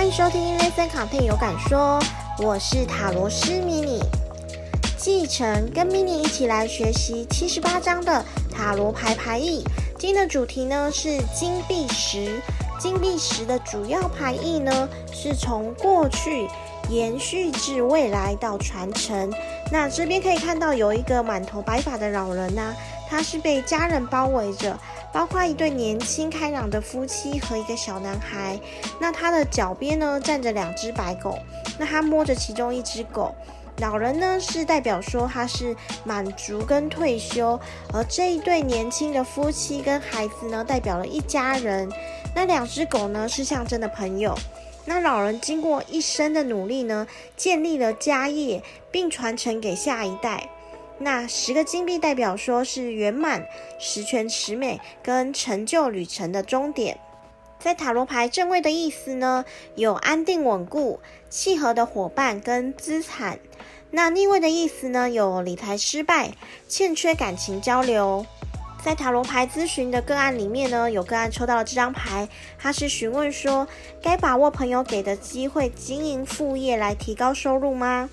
歡迎收聽《ListenContent 有感說》，我是塔羅師 Minnie，繼承跟 Minnie 一起來學習七十八張的塔羅牌牌意。今天的主題呢是金幣十，金幣十的主要牌意呢是從過去延續至未來到傳承。那這邊可以看到有一個滿頭白髮的老人吶、啊。他是被家人包圍着，包括一對年輕開朗的夫妻和一個小男孩。那他的腳邊呢，站着兩隻白狗，那他摸着其中一隻狗。老人呢，是代表說他是滿足跟退休，而這一對年輕的夫妻跟孩子呢，代表了一家人。那兩隻狗呢，是象徵的朋友。那老人經過一生的努力呢，建立了家業，並傳承給下一代。那十個金幣代表說是圓滿、十全十美跟成就旅程的終點，在塔羅牌正位的意思呢，有安定穩固、契合的夥伴跟資產。那逆位的意思呢，有理財失敗、欠缺感情交流。在塔羅牌諮詢的個案裡面呢，有個案抽到了這張牌，他是詢問說，該把握朋友給的機會經營副業來提高收入嗎？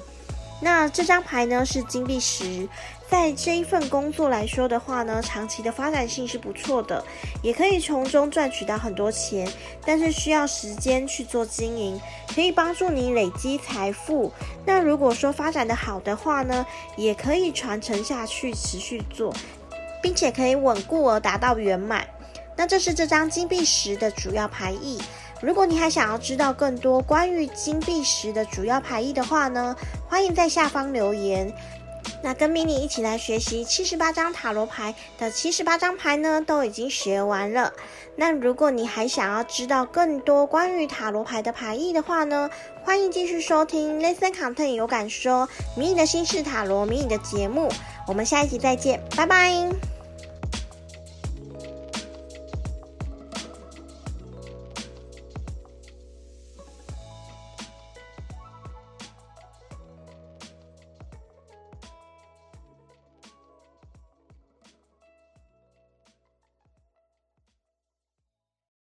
那這張牌呢，是金幣十，在這一份工作來說的話呢，長期的發展性是不錯的，也可以從中賺取到很多錢，但是需要時間去做經營，可以幫助你累積財富。那如果說發展的好的話呢，也可以傳承下去持續做，並且可以穩固而達到圓滿。那這是這張金幣十的主要牌意。如果你還想要知道更多關於金幣十的主要牌意的話呢，歡迎在下方留言。那跟 mini 一起來學習七十八張塔羅牌的七十八張牌呢，都已經學完了。那如果你還想要知道更多關於塔羅牌的牌意的話呢，歡迎繼續收聽《Listen Content 有感說迷你的心事塔羅迷你》的節目。我們下一集再見，拜拜。